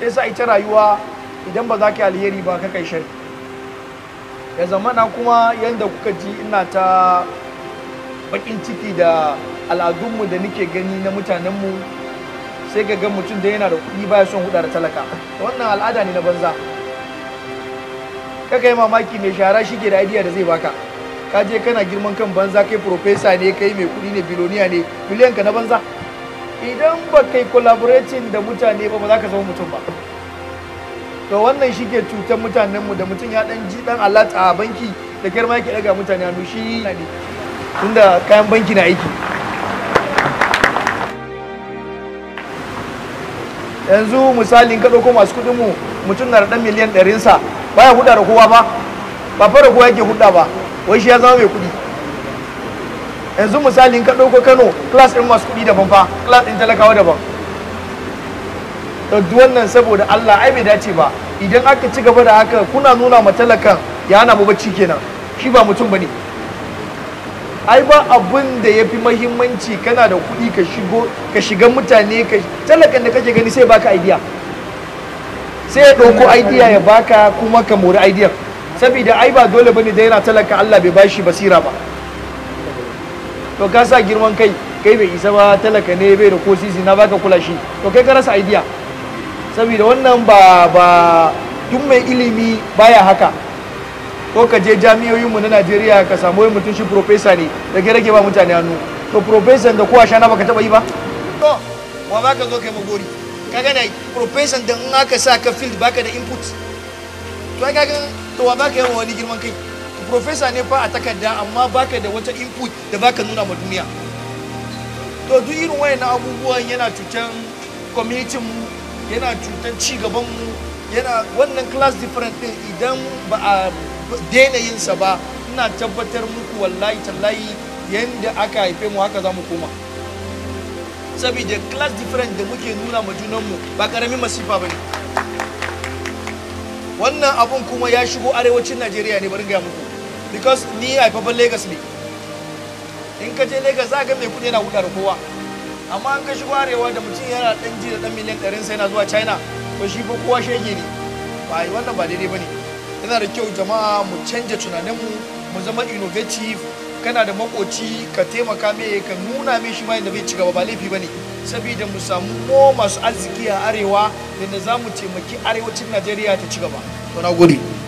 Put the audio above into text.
kesa sa ita rayuwa idan ba za ki alheri ba ka kai shari ya zamana kuma yadda kuka ji ina ta bakin ciki da al'adunmu da nake gani na mutanenmu sai ga gan mutum da yana da kuɗi baya son hudu da talaka wannan al'ada ne na banza kaka yi mamaki mai shara shi ke da idiyar da zai baka ka je kana girman kan banza kai profesa ne kai mai kudi ne biloniya ne biliyan ka na banza idan ba kai collaborating da mutane ba ba za ka zama mutum ba to wannan shi ke cutar mutanenmu da mutum ya dan ji dan alat a banki da girma yake daga mutane hannu shi ne tunda kayan banki na aiki yanzu misalin ka dauko masu kuɗin mu mutum na da ɗan miliyan ɗarinsa baya huda da kowa ba ba fara kowa yake huda ba wai shi ya zama mai kuɗi yanzu misali in ka ɗauko kano class ɗin masu kuɗi daban fa class ɗin talakawa daban duk wannan saboda allah ai bai dace ba idan aka ci gaba da haka kuna nuna ma talakan ya hana mu bacci kenan shi ba mutum ba ne ai ba abin da ya fi mahimmanci kana da kuɗi ka shigo ka shiga mutane ka talakan da kake gani sai baka idea sai ya ɗauko idea ya baka kuma ka mori idea saboda ai ba dole bane da yana talaka Allah bai bashi basira ba to ka sa girman kai kai bai isa ba talaka ne bai da ko sisi na baka kula shi to kai ka rasa idea saboda wannan ba ba duk mai ilimi baya haka ko ka je mu na Najeriya ka samu wani mutum shi profesa ne da ke rage ba mutane hannu to profesan da kowa shana baka taba yi ba to wa baka zo kai magori kaga dai profesan da in aka sa ka field baka da input to kaga to wa baka yawan wani girman kai profesa ne fa a takarda amma baka da wata input da baka nuna ma duniya to duk irin wayannan abubuwan yana cutan community mu yana cutan ci gaban mu yana wannan class different din idan ba a daina yin sa ba ina tabbatar muku wallahi tallahi yanda aka haife mu haka za mu koma saboda class different da muke nuna ma junanmu ba karamin masifa ba ne wannan abun kuma ya shigo arewacin najeriya ne bari gaya muku because ni haifafan lagos ne in ka je lagos za ga mai kudi yana hudar kowa amma an ka shigo arewa da mutum yana dan ji da dan miliyan ɗarin sai na zuwa china to shi fa kowa shege ne ba wannan ba daidai bane yana da kyau jama'a mu canja tunaninmu mu zama innovative kana da makoci ka taimaka mai ka nuna mai shi ma yadda bai ci gaba ba laifi bane saboda mu samu mo masu arziki a arewa da za mu taimaki arewacin najeriya ta ci gaba to gode